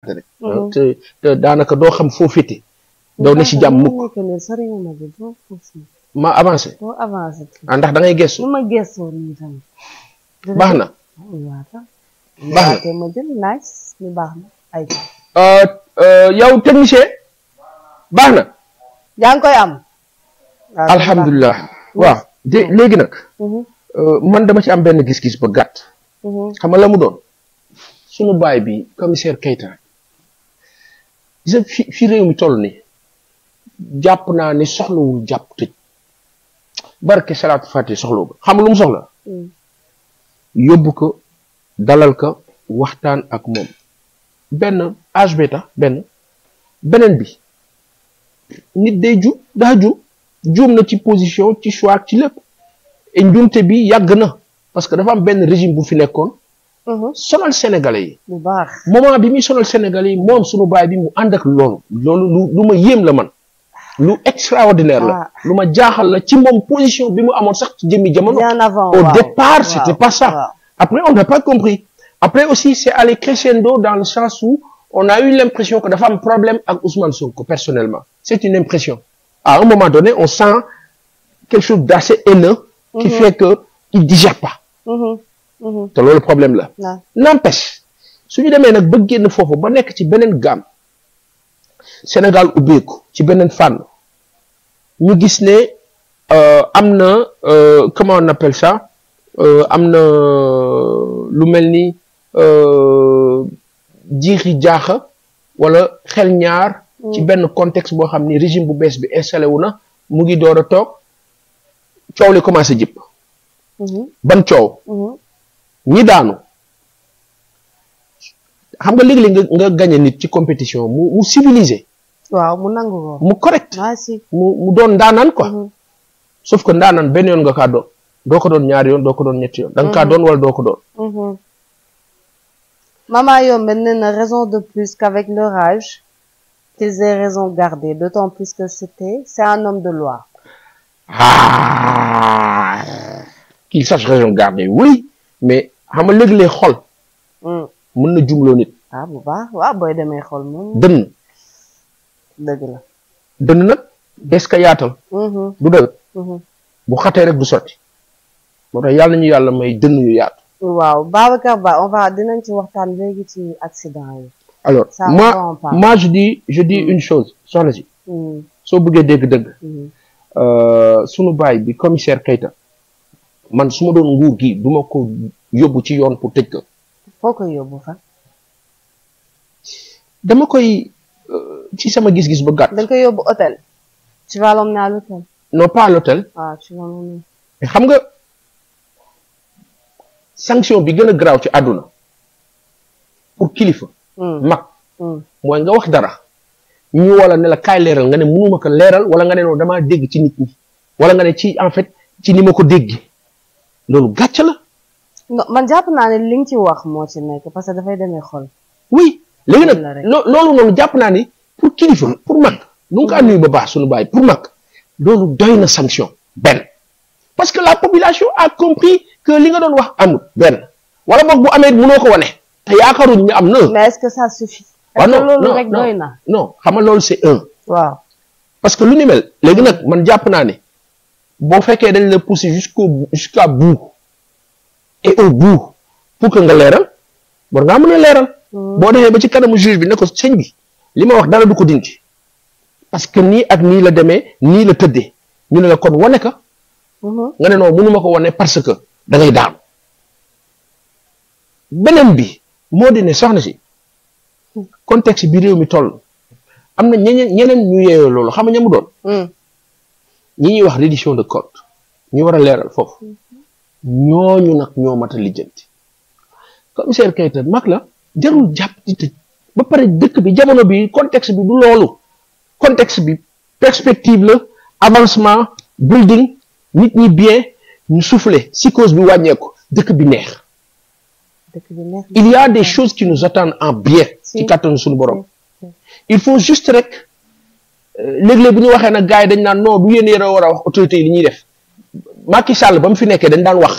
Ah. Ah, te daanaka doo xam foo féete. doo ne si jàmm mukk ma avancé. ah ndax da ngay gëstu. baax na. baax na. Ah, yow technicien. baax na. yaa koy am. alhamdulilah waaw de mm-hmm. léegi nag. Mm-hmm. man dama ci am benn gis-gis ba gàtt. Mm-hmm. xam nga doon. sunu baay bi commissaire Keita. gis fi réew mi toll ni jàpp naa ni soxlawul jàpp tëj barke salaatu fàtte soxlawu ko xam lu mu soxla mm. yóbbu ko dalal ko waxtaan ak moom benn âge bi benn beneen bi nit day ju daa ju juum na ci position ci choix ci lépp et njuumte bi yàgg na parce que dafa benn régime bu fi nekkoon Uh-huh. sonal sénégalais yi. bu baax moment bi mi sonal sénégalais yi moom suñu baay bi mu ànd ak loolu. loolu lu lu ma yéem la man. lu extraordinaire la. Ah. lu ma jaaxal la ci moom position bi mu amoon sax ci jëmmi jamono. au départ c'était pas ça. après on n'a pas compris. après aussi c'est allé crescendo dans le sens où on a eu l'impression que dafa am problème ak Ousmane Sonko personnellement. c'est une impression. à un moment donné on sent quelque chose d'assez haineux. qui mm-hmm. fait que il digère pas. Mm-hmm. Mhm. te loolu problème la. n'empêche su ñu demee nag ba génn foofu ba nekk ci beneen gaam Sénégal ubbeeku ci beneen fànn ñu gis ne euh, am na euh, comment on appelle ça euh, am na lu mel ni jiixi jaaxa wala xel ñaar. Mm. ci benn context boo xam ni régime bu bees bi installé wu na mu ngi door a toog coow li commencé jëpp. Mhm. ban coow. Mhm. ñi daanu xam nga léeg-léeg nga nga gagné nit ci compétition mu mu civilisé. waaw mu nangu ko mu correct. Ah, mu mu doon ndaanaan quoi. Mm-hmm. sauf que ndaanaan benn yoon nga kaa doon doo ko doon ñaari yoon doo ko doon ñetti yoon. da nga kaa mm-hmm. doon wala doo ko doon. Mm-hmm. Mama na raison de plus qu'avec leur âge qu'ils aient raison gardée d'autant plus que c'était c'est un homme de loi. ah qu'il sache raison garder oui. mais xam nga léeg-léeg hmm. mën na jumloo nit. ah bu baax waaw booy demee xol moom. dënn. dëgg la. dënn nag des ka yaatal. Hmm. du dëgg. Hmm. bu xatee rek du sotti. moo tax yàlla ñu yàlla may dënn yu yaatu. waaw Babacar Ba on va dinañ ci waxtaan léegi ci accident yi. alors moi moi je dis je dis une chose soxna si. soo bëggee dégg-dëgg. Euh, sunu baay bi commissaire Keita. man suma ma doon nguur gi du ko yóbbu ci yoon pour tëj ko. foo koy yóbbu fa. dama koy euh, ci sama gis-gis bu gàtt. da koy yóbbu hôtel. ci vas l'emmener à l'hôtel. non pas à l'hôtel. ah xam nga sanction bi gën a garaaw ci àdduna pour kilifa. Hmm. mag hmm. mooy nga wax dara. ñu wala ne la kaay leeral nga ne ma ko leeral wala nga ne noonu damaa dégg ci nit ñi nga ne ci en fait ci ni ma ko dégg. lolu gàcce la. non man japp na ni ling ci wax mo ci nek parce que da fay demé xol. oui légui nak lolu lolu japp na ni pour kilifa pour mag nu nga mm. nuy ba ba sunu suñu pour mag loolu doy na sanction ben parce que la population a compris que li nga don wax amul ben wala bok bu amé mënoo ko wane te yaakaaruñ ñu am na. mais est-ce que ça suffit. waaw ah non loolu rek doy non xama lolu c'est un. waaw parce que lu ni mel légui nak man japp na ni boo fekkee dañ la pousser jusqu'au jusqu'à bout et au bout nga leeral war ngaa mën a leeral. Hmm. boo demee ba ci kanamu juge bi ne ko sëñ bi li ma wax dara du ko dindi parce que nii ak nii la demee nii la tëddee ñu ne la kon wane ka. Hmm. nga ne non mënu ma ko wane parce que da ngay beneen bi moo di ne soxna si hmm. contexte bi réew mi toll am na ñeneen ñeneen yeeyoo loolu xam nga ñamu doon. ñi ñuy wax reddition de compte ñu war a leeral foofu ñooñu nag ñoo mat a lijjanti commissaire kayta mag la jarul jàpp di tëj ba pare dëkk bi jamono bi contexte bi du loolu contexte bi perspective la avancement building nit ñi bien ñu si cause bi wàññeeku dëkk bi neex il y a des choses qui nous attendent en bien ci kàttanu suñu borom il faut juste rek léeg-léeg bu ñu waxee nag gars yi dañ naan non du yéen yéen a war a wax autorité yi li ñuy def Macky Sall ba mu fi nekkee dañ daan wax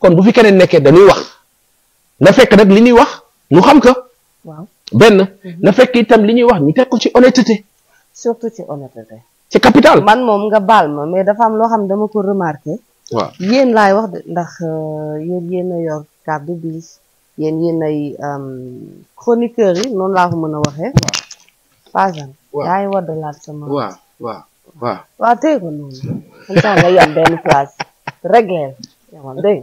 kon bu fi keneen nekkee dañuy wax na fekk nag li ñuy wax ñu xam ka waaw benn na mhm. fekk itam li ñuy wax ñu teg ko ci honnêteté. surtout ci honnêteté. ci capital. man moom nga baal ma mais dafa am loo xam ne dama ko remarqué. waaw yéen laay wax ndax euh, yéen yéen a yor kàddu bi yéen yéen ay euh, chroniqueurs yi noonu laa ko mën a waxee. yaay waddalaat sama. waaw waaw wa waaw téye ko noonu. comme ça nga yem benn place réglé yamal dégg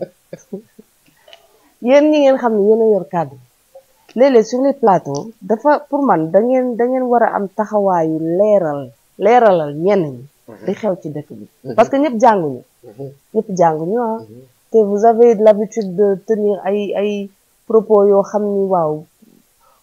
yéen ñi ngeen xam ne a yor kàddu léeg-léeg sur dafa pour man da dangeen war a am taxawaayu leeral leeralal ñenn ñi. di mhm. xew ci dëkk bi. Mhm. parce que ñëpp jànguñu. Mhm. ñëpp jànguñu ah. te vous avez l'habitude de tenir ay ay propos yoo xam ni waaw.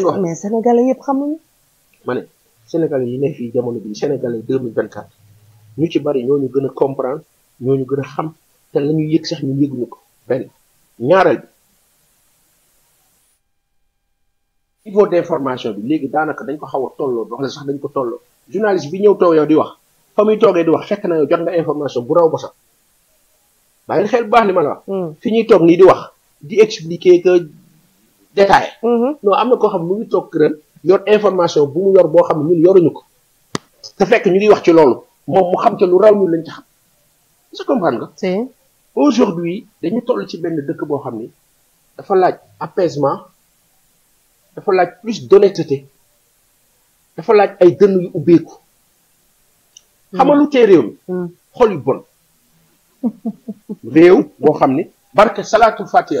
mais sénégalais le sénégalais yi sénégalais deux mille vingt quatre ñu ci bari ñoo comprendre ñoo ñu xam nous sax ñu ko niveau d'information bi léegi daanaka dañ ko xaw wax sax dañ ko journaliste bi ñëw toog yow di wax fa muy di wax jot information bu raw sax xel baax ma la wax. Hmm. fi ñuy expliquer que. détaillé. Mm-hmm. non am na koo xam ne mu ngi toog këram yor information bu mu yor boo xam ne ñun yoruñu ko te fekk ñu ngi wax ci loolu moom mu xam te lu raw ñun lañ ci xam est-ce que nga. aujourd'hui dañu toll ci benn dëkk boo xam ni dafa laaj apaisement dafa laaj plus d'honnêteté dafa laaj ay dënn yu ubbeeku. Mm-hmm. xamalu tee réew mi mm-hmm. xol yu bon réew boo xam ni barke salaatul fatiha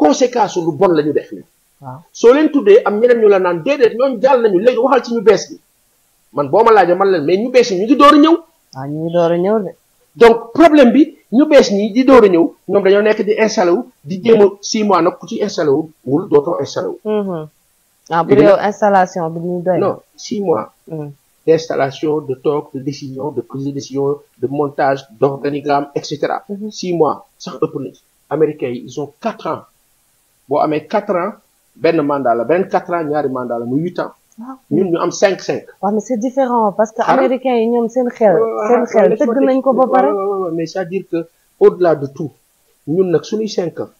conséquence lu bon la ñu def ni so soo leen tuddee am ñeneen ñu la naan dédét ñooñu jall nañu légui waxal ci ñu bees bi man boma ma man leen mais ñu bees ñu di door ñew ah waaw ñu ngi door a ah, de. donc problème bi ñu bees ñi di door ñew ñom dañu dañoo nekk di installer wu di jéem 6 mois nak ku ci installer wu wul dootoo installer wu. Mm-hmm. ah bu dee installation bi ñu doy. non 6 mois. Mm. d' installation de toog de décision de prise de décision de montage d'organigramme, etc. et cetera. 6 mm-hmm. mois ça ëpp na ci. américains ils ont 4 ans bo amé 4 ans ben mandat la ben 4 ans ñaari mandat la mu 8 ans ah. ñun ñu am 5 5 wa mais c'est différent parce que américain yi ñom seen xel ah, ah, seen xel tegg nañ ko ba paré mais ça dire que au-delà de tout ñun nak suñu 5 ans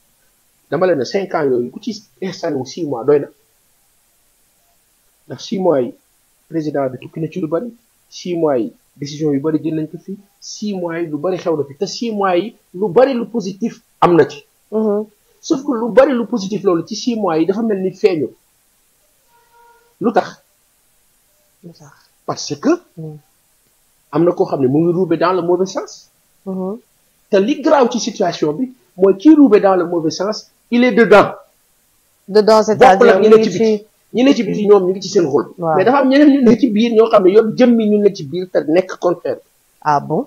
dama leen 5 ans yoy ku ci 6 mois doyna ndax 6 mois président bi tukki na bari 6 mois décision yu bari nañ ko 6 mois yi lu bari xew fi te 6 mois yi lu bari lu positif am mm-hmm sauf que lu bari lu positif loolu ci 6 mois yi dafa melni in lutax lu parce que hmm. amna ko xamni ngi dans le mauvais sens hmm. li grave situation dans le mauvais sens il est dedans dedans c'est-à-dire mais dafa am ñeneen ñu ne biir ah bon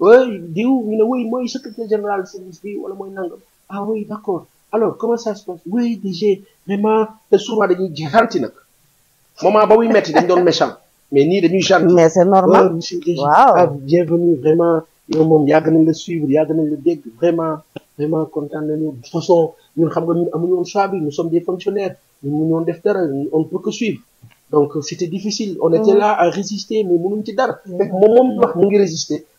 oui diw ñu moi oui mooy secrétaire général de service voilà wala il nangam ah oui d'accord alors comment ça se passe oui DG vraiment te souvent dañuy gentil nag moment ba muy metti dañ doon méchant mais de dañuy jamais. mais c'est normal waaw monsieur DG ah bienvenue vraiment yow moom yàgg nañ de suivre a nañ la dégg vraiment vraiment content de nous. de toute façon ñun xam nga amuñu woon nous sommes des fonctionnaires ñun nous woon def dara on ne peut que suivre. donc c'était difficile on était mm-hmm. là à résister mais mënuñ ci dara. Mm-hmm. fekk moom moom wax ngi résister.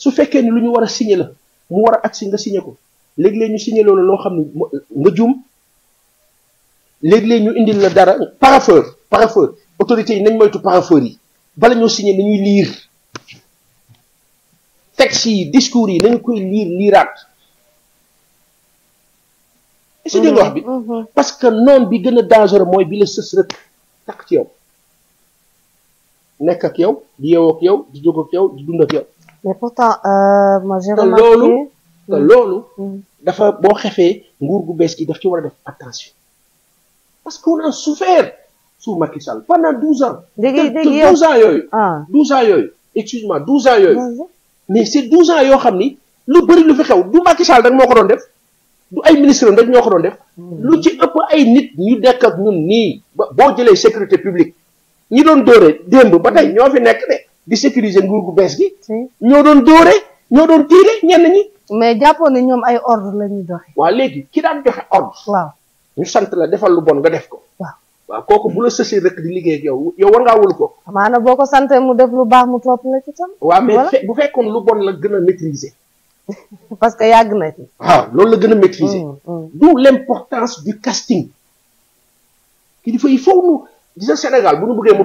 su fekkee ni lu ñu war a signé la mu war a agsi nga signé ko léegi leen ñu signé loolu loo xam ne nga juum léeg leen ñu indil la dara parapheur parapheur autorité yi nañ moytu parapheur yi bala ñoo signé nañuy liir textes yi discours yi nañu koy liir liiraat. si dégg wax bi mm-hmm. Mm-hmm. parce que noon bi gën a dangereux mooy bi la sës rek takk ci yow nekk ak yow di yeewoo ak yow di jóg ak yow di dund ak yow. mais pourtant euh, moi j'ai remarqué l'eau, dans mm. mm. dafa attention parce qu'on a souffert sous Macky pendant 12 ans 12 ans ah. ans excuse-moi 12 ans mais ces 12 ans yo xamni lu lu fi xew du Macky Sall rek ko def du ay ministre rek les ko def mm. lu ci ëpp ay nit ñu ak ñun sécurité publique ñi di sécuriser nguur gu bees gi. ñoo doon dóore ñoo doon tiire ñenn ñi. mais jàppoon ne ñoom ay ordre la ñuy doxe. waaw léegi ki daan joxe ordre. waaw ñu sant la defal lu bon nga def ko. waaw waaw kooku bu la sësee rek di liggéey ak yow yow war ngaa ko. amaana boo ko santee mu def lu baax mu topp la ci tam. waaw mais bu fekkoon lu bon la gën a maîtriser. parce que yàgg na ci. waaw ah, loolu la gën a maîtriser. Mm, mm. d'où l'importance du casting. kilifa yi foog ñu gis Sénégal bu ñu bëggee mu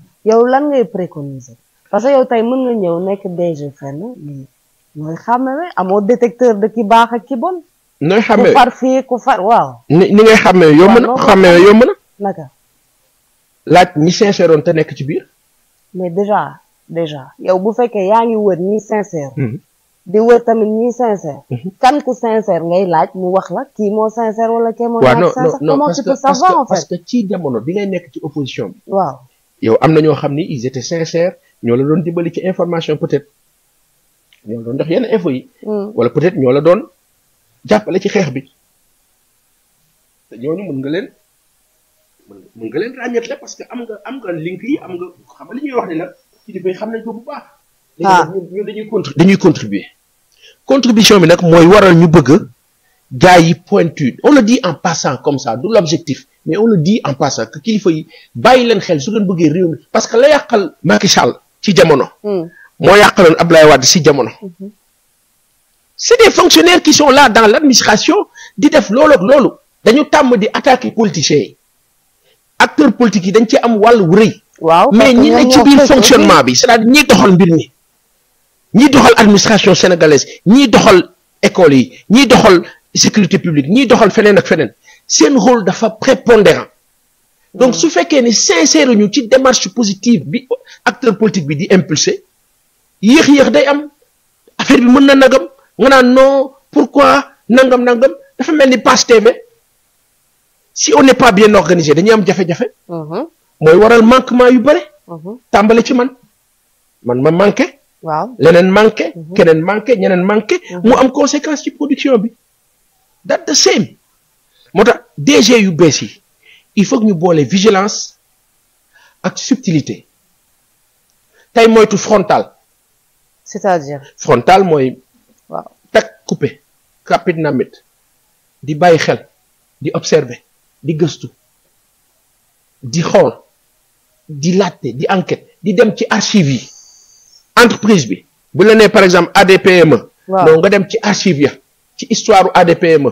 yow lan ngay préconiser parce que yow tey mën nga ñëw nekk DG fenn mais nooy xàmmee amoo détecteur de ki baax ak ki bon. nooy xàmmee ku far fii ku far waaw. ni ni ngay xàmmee yomb na xàmmee yomb na. naka. laaj ñi sincère te nekk ci biir. mais déjà déjà yow bu fekkee yaa ngi wër ñi sincère. Mhm. di wër tamit ñi sincère. Mhm. kan ku sincère ngay laaj mu wax la kii moo sincère wala kee moo. waaw non non non parce que parce que ci jamono bi ngay nekk ci opposition bi. waaw. yow am ñoo ils étaient sincères ñoo la doon information peut-être ñoo doon jox yenn info peut-être ñoo la doon hmm. ci Ils bi parce que am nga am nga link yi am nga xam nga li ñuy wax ne ah. contribuer. contribution bi nag mooy waral ñu pointu on le dit en passant comme ça d'où l'objectif mais on le dit en passant que kilifa yi bayi len xel su ngeen bëggee réew mi parce que la yakal Macky Sall ci jamono hmm moo yàqaloon Abdoulaye Wade ci jamono hmm. c'est des fonctionnaires qui sont là dans l'administration di def lolo ak lolo dañu tam di attaquer politiciens acteurs politiques yi dañ ci am wàll reuy waaw mais ñi ne ci biir fonctionnement bi c'est-à-dire ñi doxal mbir mi ñi doxal administration sénégalaise ñi doxal école yi ñi doxal sécurité publique ñi doxal feneen ak feneen un rôle dafa prépondérant donc fait fekkee ni sincère ñu ci démarche positive bi acteur politique bi di impulsé yéex-yéex day am affaire bi mën nagam nga non pourquoi n'agam nangam dafa mel ni passe TV si on n'est pas bien organisé dañuy am jafe il mhm. mooy waral manquement yu bare mhm. tàmbale ci man man ma manqué waaw leneen manqué mhm. keneen manqué ñeneen manqué mu am conséquence ci production bi that the same moo DG yu bees yi il faut que ñu boole vigilance ak subtilité tay moytu frontal. c'est-à-dire. frontal moy waaw takk coupé. kapit namit di bay xel di observer di gestu di xol di laajte di enquête di dem ci archives yi entreprise bi bu la né par exemple ADPME. non donc nga dem ci archives ya ci histoire ADPME.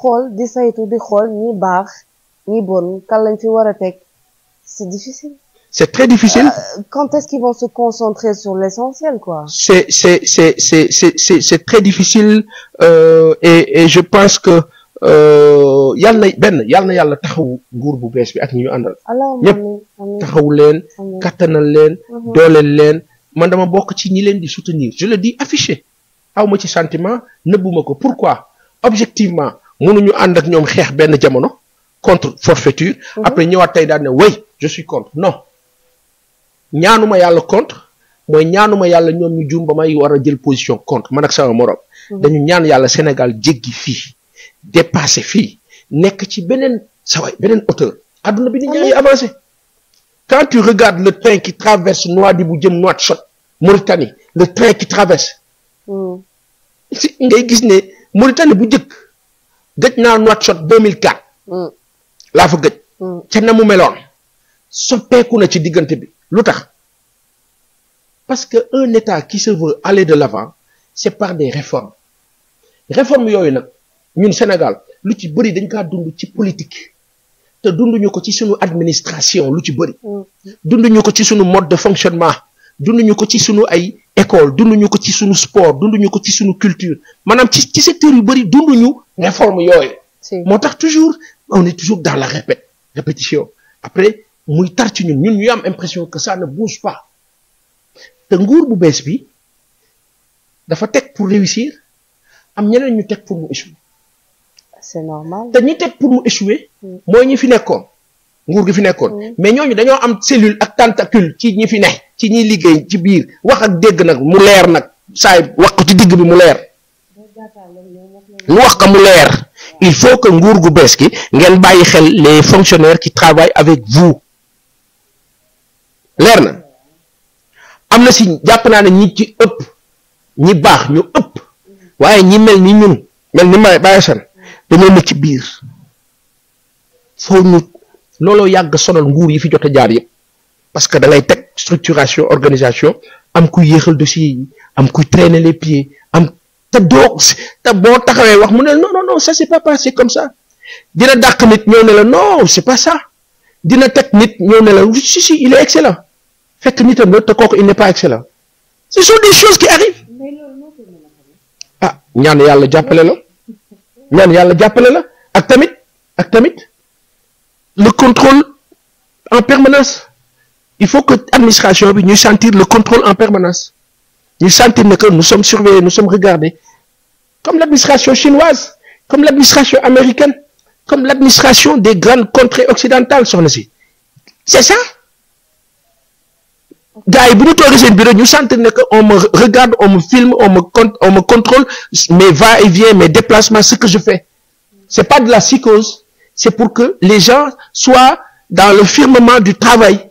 xool di saytu di xool ñi baax ñi bon kan lañ fi war a teg c'est difficile. c'est très difficile. Euh, quand est-ce qu'ils vont se concentrer sur l'essentiel quoi. c'est c'est c'est c'est c'est c'est très difficile euh, et et je pense que euh, yal na benn yal na yàlla taxawu nguur bu bees bi ak ñu àndal. ñëpp taxawu leen. kattanal leen. Mhm. dooleel leen man dama bokk ci ñi leen di soutenir je le dis affiché. aw ma ci sentiment nëbbuma ko pourquoi objectivement mënuñu and ak ñom xex ben jamono contre forfaiture. Mhm. après ñëwaat tay daal ne je suis contre non ñaanuma yàlla contre mooy ñaanuma yàlla ñoom ñu mai ba may jël position contre man ak sama morom. Mhm. dañu ñaan yàlla Sénégal jéggi fii dépassé fii nekk ci beneen saway beneen hauteur. aduna bi quand tu regardes le train qui traverse Nouadhibou jëm Nouakchott Mauritanie le train qui traverse. Mhm. si ngay gis ne Mauritanie bu 2004. Mm. Mm. na na ci parce que un état qui se veut aller de l'avant c'est par des réformes réformes yoy sommes ñun Sénégal lu ci bëri dañ dund politique te dundu ñuko ci administration lu ci bëri mm. mode de fonctionnement dunduñu ko ci sunu ay école dunduñu ko ci sunu sport dunduñu ko ci sunu culture manam ci ci secteur yu bari dunduñu réforme yooyu. motax toujours on est toujours dans la répète répétition après muy tar ci ñun ñun ñu am impression que ça ne bouge pas te nguur bu bees bi dafa teg pour réussir am ñeneen ñu teg pour mu échouer. c'est normal te ñi teg pour mu échouer. Mm. mooy ñi fi nekkoon nguur gi fi nekkoon. Mm. mais ñooñu dañoo am cellule ak tentacule ci ñi fi ne. ci ñi liggéey ci biir wax ak dégg nag mu leer nag saay wax ko ci digg bi mu leer ñu wax ko mu leer il faut que nguur gu bees gi ngeen bàyyi xel les fonctionnaire ci travaillent avec vous leer na am na si jàpp naa ne ñi ci ëpp ñi baax ñu ëpp waaye ñi mel ni ñun mel ni may bàyyi san dañoo ne ci biir foo ñu looloo yàgg sonal nguur yi fi jot a jaar yëpp parce que da ngay teg structuration organisation am kuy yéexal dossier yi am kuy traîner les pieds am te doo te boo taxawee wax mu non non non ça c'est pas c'est comme ça dina dàq nit ñëw ne la non c'est pas ça dina teg nit ñëw ne la si si il est excellent fekk nitam la te kooku il n'est pas excellent ce sont des choses qui arrivent ah ñaan yàlla jàppale la ñaan yàlla jàppale la ak tamit ak tamit le contrôle en permanence il faut que l'administration nous sentir le contrôle en permanence. Nous sentir que nous sommes surveillés, nous sommes regardés. Comme l'administration chinoise, comme l'administration américaine, comme l'administration des grandes contrées occidentales sont ici. C'est ça. On nous me regarde, on me filme, on me, on me contrôle mes va-et-vient, mes déplacements, ce que je fais. C'est pas de la psychose. C'est pour que les gens soient dans le firmement du travail.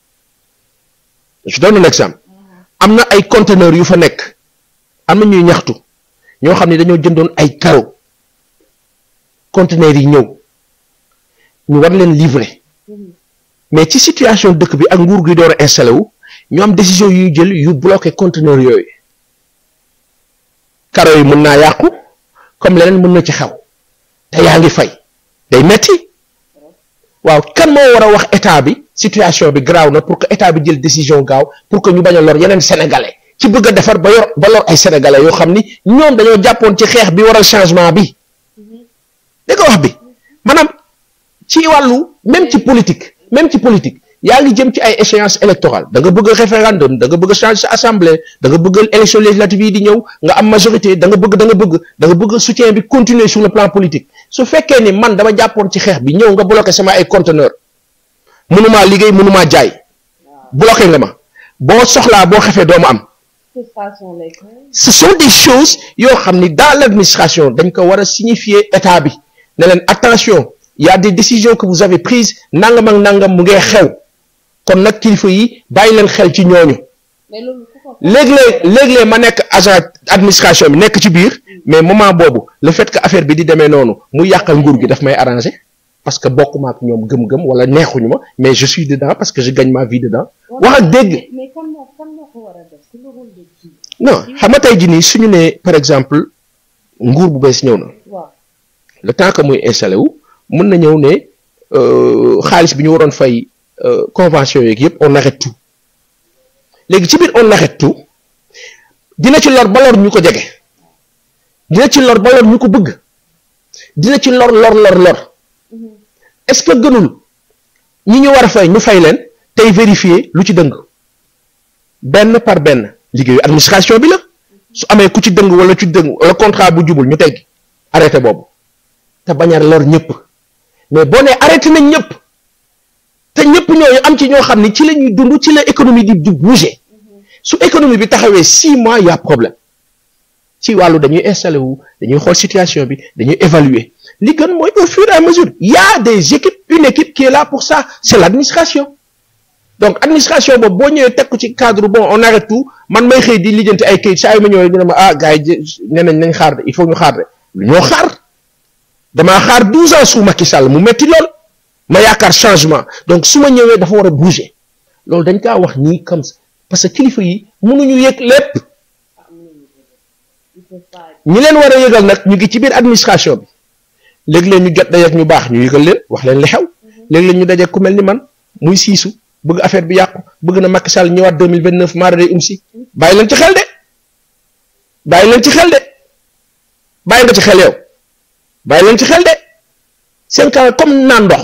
je donne un exemple am na ay conteneurs yu fa nekk am na ñuy ñaxtu ñoo xam ne dañoo jëndoon ay caro conteneurs yi ñëw ñu war leen livrer mais ci situation dëkk bi ak nguur gi door a installé wu ñu am décision yuy jël yu bloqué conteneurs yooyu caro yi mën naa yàqu comme leneen mën na ci xew te yaa ngi fay day metti waaw kan moo war a wax état bi situation bi graaw na pour que état bi jël décision gaaw pour que ñu bañ a lor yeneen sénégalais ci bëgg a defar ba yor lor ay sénégalais yoo xam ni ñoom dañoo jàppoon ci xeex bi waral changement bi dégg wax bi maanaam ci wàllu même ci politique même ci politique yaa ngi jëm ci ay échéance électorale da nga bëgg référendum da nga bëgg changer sa assemblée da nga bëgg élection législative yi di ñëw nga am majorité da nga bëgg da nga bëgg da nga bëgg soutien bi continuer sur le plan politique su fekkee ni man dama jàppoon ci xeex bi ñëw nga bloqué sama ay conteneur mënumaa liggéey mënumaa jaay bloqué nga ma boo soxlaa boo xefee doo ma am ce sont des choses yo, xam ni dans l'administration dañ ko war a signifier état bi ne attention il y a des décisions que vous avez prises nangam ak nangam mu ngee xew kon nak kilifa yi bay len xel ci ñooñu léeg-léeg léeg-léeg ma nek agent administration bi nek ci biir mais moment bobu le fait que affaire bi di démé nonu mu yakal nguur gi daf may arranger parce que bokuma ak ñom gëm-gëm wala neexuñu mais je suis dedans parce que je gagne ma vie dedans wax ak dégg non xam tay ji ni suñu né par exemple nguur bu bees ñëw na le temps que muy installé wu mën na ñew né euh xaalis bi ñu waron fay euh, convention yeeg on arrête tout légui ci bir on arrête tout dina ci lor ba lor ñu ko dina ci lor ba lor ñu bëgg dina ci lor lor lor lor mm-hmm. est-ce que gënul ñi ñu war fay ñu fay leen tay vérifier lu ci dëng ben par ben liggéeyu administration bi la su amé ku ci dëng wala ci dëng le contrat bu jubul ñu teggi arrêté bobu te bañar lor ñëpp mais bo né arrêté nañ ñëpp te ñëpp ñooyu am ci ñoo xamni ci lañuy dund ci la économie di di bouger su économie bi taxawé 6 mois y a problème ci walu dañuy installer wu dañuy xol situation bi dañuy évaluer li gën moy au fur et à mesure y a des équipes une équipe qui est là pour ça c'est l'administration donc administration bo bo ñëwee tekku ci cadre bon on arrête tout man may xey di lijeenti ay kayit saa yu ma ñëwee ñu ma ah gars yi nañ nañ xaar il faut ñu xaar ñoo xaar dama xaar 12 ans sous Macky Sall mu metti lool ma yaakaar changement donc su ma ñëwee dafa war a bouger loolu dañ kaa wax nii comme parce que kilifa yi mënuñu yëg lépp ñi leen war a yëgal nag ñu ngi ci biir administration bi léeg leen ñu jot dajeeg ñu baax ñu yëgal leen wax leen li xew léeg-léeg ñu dajeeg ku mel ni man muy siisu bëgg affaire bi yàqu bëgg na Macky Sall ñëwaat deux mille vingt neuf mara day um si bàyyi leen ci xel de bàyyi leen ci xel de bàyyi nga ci xel yow bàyyi leen ci xel de seen kanam comme naan ndox.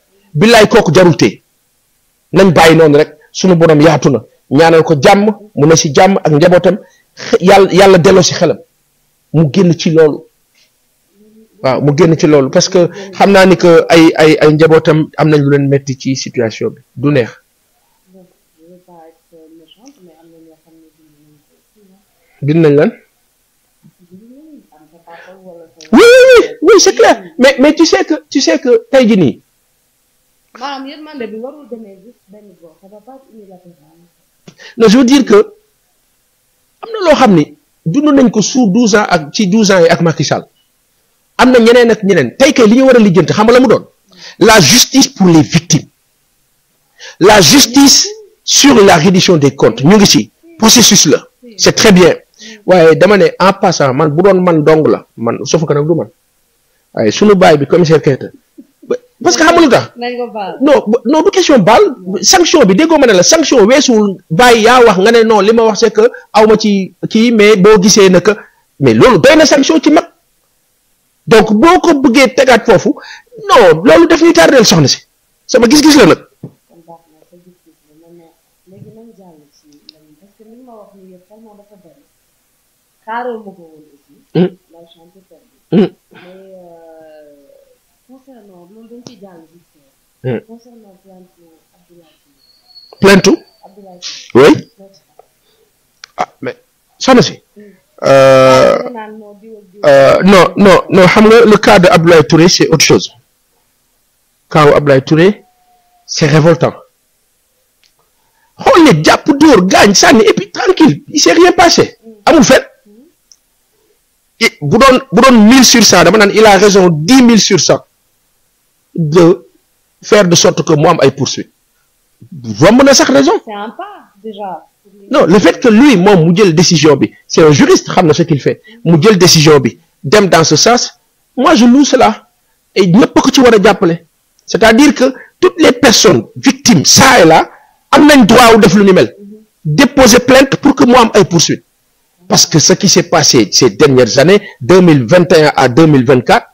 billaay kooku jarul tey nañ bàyyi noonu rek sunu borom yaatu na ñaanal ko jàmm mu ne si jàmm ak njabootam yàlla yàlla delloo si xelam mu génn ci loolu waaw mu génn ci loolu parce que xam naa ni que ay ay njabootam am nañ lu leen metti ci situation bi du neex bind nañ lan oui oui oui c'est mais tu sais tu sais que tey nii je veux dire que ko 12 ans ak ci 12 ans ak Macky Sall ñeneen ak ñeneen kay li ñu xam nga la la justice pour les victimes la justice sur la reddition des comptes ñu ngi ci processus là, c'est très bien waaye dama en passant man bu doon man dong la man sauf que du man sunu bi parce que xamul tax non non du question baal sanction bi déggoo ma ne la sanction weesuwul bàyyi yaa wax nga ne non li ma wax c'est que aw ci kii mais boo gisee na que mais loolu doy na sanction ci mag donc boo ko bëggee tegaat foofu non loolu daf ñuy tardeel soxna si sama gis-gis la nag. Hmm. Euh, plein tout oui. ah mais euh, euh, non non non le cas de Touré c'est autre chose. cas Touré c'est révoltant. on est ça et puis tranquille il s'est rien passé vous sur il a raison 10 sur ça de faire de sorte que moi am poursuivre poursuites me na raison. c'est un pas déjà. non le fait que lui moi, mu jël décision bi c'est un juriste ramène ce qu'il fait mu jël décision bi dem dans ce sens moi je loue cela et pas que tu war a appelé c'est-à-dire que toutes les personnes victimes ça et là amènent droit au def lu déposer plainte pour que moi, am poursuivre parce que ce qui s'est passé ces dernières années 2021 à 2024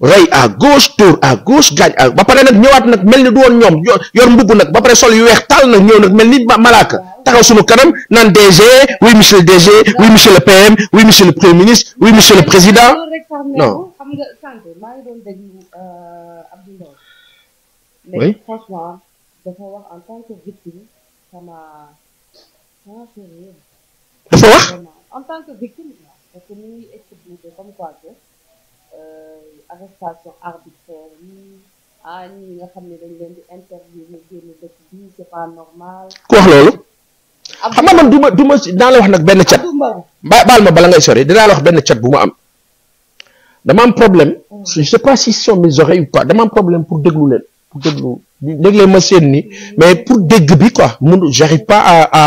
ray à gauche tour à gauche gaañ à ba pare nag ñëwaat nak melni du won ñom yor mbubb nak ba paré sol yu weex tal nak ñëw nak melni malaka malaaka taxaw suñu kanam nan DG oui monsieur le DG oui monsieur le PM oui monsieur le premier ministre oui monsieur le président non. xam nga sànq ma ngi doon euh Abdou Ndao. mais franchement dafa wax en tant que victime sama sama sérieux. dafa wax en tant que victime parce que mu ngi expliqué comme quoi que. Euh, arrestation arbitraire ah ñi nga xamni ne dañ leen di interviewer génn dëkk bi c'est pas normal. quoi wax loolu. xam nga man du ma du ma dinaa la wax nag benn cat. ba baal ma bala ngay sori dinaa la wax benn cat bu ma am. dama am problème. Mm. je sais pas si sont mes oreilles ou pas dama am problème pour déglu leen pour déglu déglee ma seen ni mm. mais pour dégg bi quoi mun j'arrive pas à à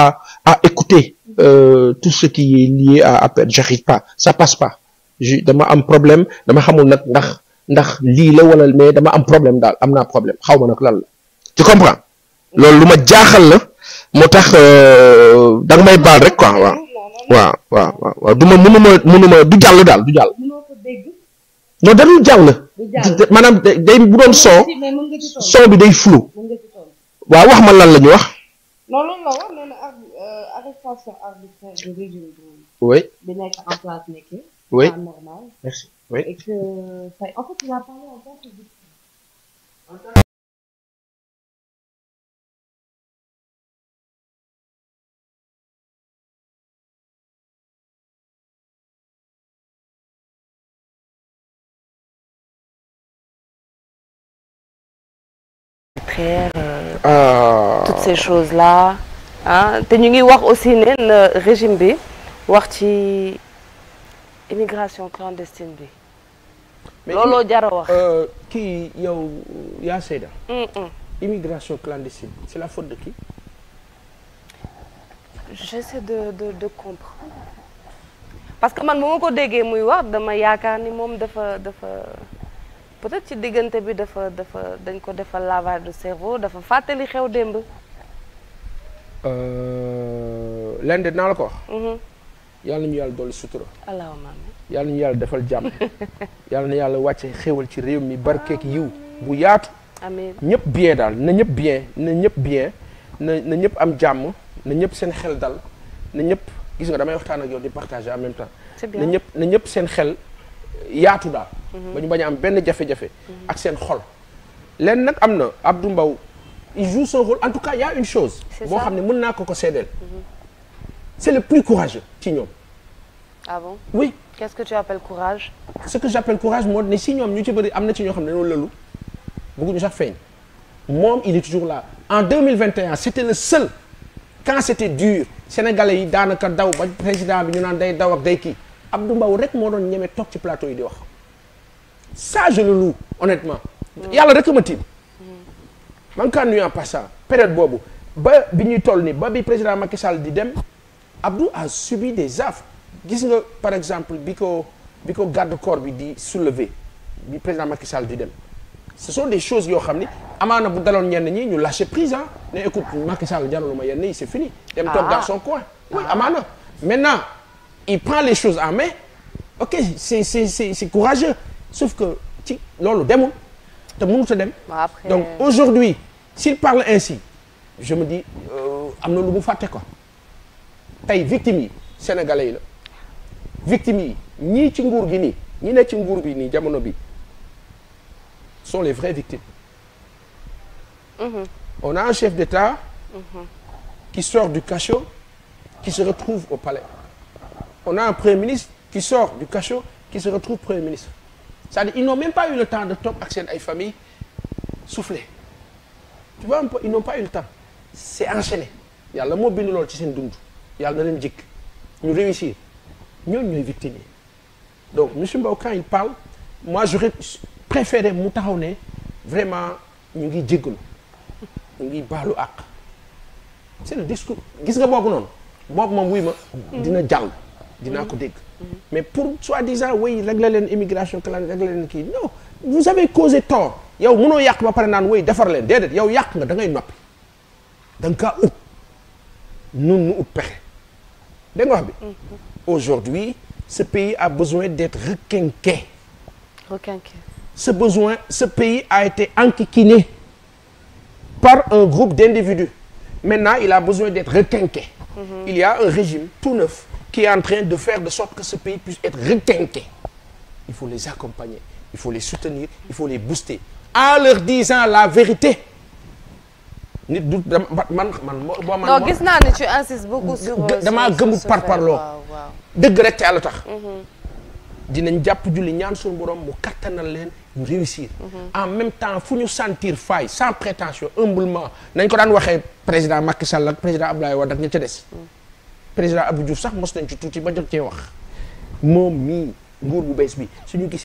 à écouter euh, tout ce qui est lié à à j'arrive pas ça passe pas. dama am problème dama xamul nag ndax ndax lii la wala mais dama am problème daal am naa problème xaw ma nag lan la tu comprends loolu ma jaaxal la moo tax euh, da nga may baal rek quoi waaw waaw waaw waaw du ma mënuma du jàll daal du jàll non dalul jàll maanaam day bu doon son son bi day flou wax ma la ñu wax oui. normal. Merci. Oui. Et que, en fait, il a parlé en tant que victime. Euh, ah. toutes ces choses-là. Hein? Te voir aussi le euh, régime B, wax immigration clandestine bi. looloo jar a wax euh, kii yow yaa Seyda. immigration clandestine c'est la faute de qui. j'essaie de de de comprendre parce que man bu ma ko déggee muy wax dama yaakaar ni moom dafa dafa peut-être ci diganté bi dafa dafa dañ ko defal lavage de cerveau dafa fateli xew démb. Euh, lenn de naa la yalla nañu yalla dolli sutura allahumma yalla nañu yalla defal jamm yalla na yalla wàcce xéwal ci réew mi ak yiw bu yaatu ñëpp bien dal na ñëpp bien na ñëpp bien na na ñëpp am jamm na ñëpp seen xel dal na ñëpp gis nga damay waxtaan ak yow di partager en même temps na ñëpp na ñëpp seen xel yaatu dal mhm. ba ñu bañ am benn jafé jafé mhm. ak seen xol lenn nak amna Abdou mbaw il joue son rôle en tout cas il y a une chose boo xamné mën na ko ko sédel mhm c'est le plus courageux ci ah bon oui. qu'est-ce que tu appelles courage. ce que j'appelle courage moo ne si nous, ñu ci bëri am na ci ñoo xam ne dañoo lëlu sax il est toujours là en 2021 c'était le seul quand c'était dur sénégalais yi daanaka daw ba président bi ñu naan day daw ak day kii Abdou Mbow rek mo don ñëmé tok ci plateau yi di wax ça je le loue honnêtement. Mm. yalla rek a ma tiim. Mm. man kan ñu en passant période bobu ba bi toll ni ba bi président Macky Sall di dem. Abdou a subi des affres par exemple Biko, Biko garde corps bi di soulever bi président Macky Sall di dem ce sont des choses qui ont amana bu dalon ñenn ñi ñu lâcher prise hein. né écoute Macky Sall jaruluma yenn c'est fini. dem top dans ah. son coin. oui ah. amaana maintenant il prend les choses en main ok c'est c'est c'est courageux sauf que ti, lolu demul te mënu ta dem. donc euh, aujourd'hui s'il parle ainsi je me dis euh, am na lu mu faté quoi. Tai victimes, sénégalais là, victimes ni yi ni ci nguur gi ni sont les vraies victimes mm-hmm. on a un chef d'État mm-hmm. qui sort du cachot qui se retrouve au palais on a un premier ministre qui sort du cachot qui se retrouve premier ministre c'est-à-dire ils n'ont même pas eu le temps de top à à ay famille souffler tu vois ils n'ont pas eu le temps c'est enchaîné Il y a le ci sen dundou yalla na len gens ñu réussir victime donc monsieur Mbow il parle moi j'aurais préféré mu vraiment ñu ngi nous ñu ngi c'est le discours gis nga dina un dina mais pour soi-disant oui régler leen immigration régler leen non vous avez causé tort yow mëno ba nan yow nga da ngay noppi dang ka Mhm. aujourd'hui ce pays a besoin d'être requinqué requinqué ce besoin ce pays a été enquiquiné par un groupe d'individus maintenant il a besoin d'être requinqué mhm. il y a un régime tout neuf qui est en train de faire de sorte que ce pays puisse être requinqué il faut les accompagner il faut les soutenir il faut les booster en leur disant la vérité nit du man man man. non gis naa ne tu insistes beaucoup damaa gëmut par parloo dëgg rek te yàlla tax. Mm-hmm. dinañ jàpp julli ñaan suñu borom mu kattanal leen ñu réussir. Mm-hmm. en même temps fu ñu sentir faille sans prétention humblement nañ ko daan waxee président Macky Sall ak président Abdoulaye Wade ak ña ca des. Mm. président Abdou Diouf sax mos nañ ci tuuti ba jot cee wax moom mii nguur bu bees bi suñu gis.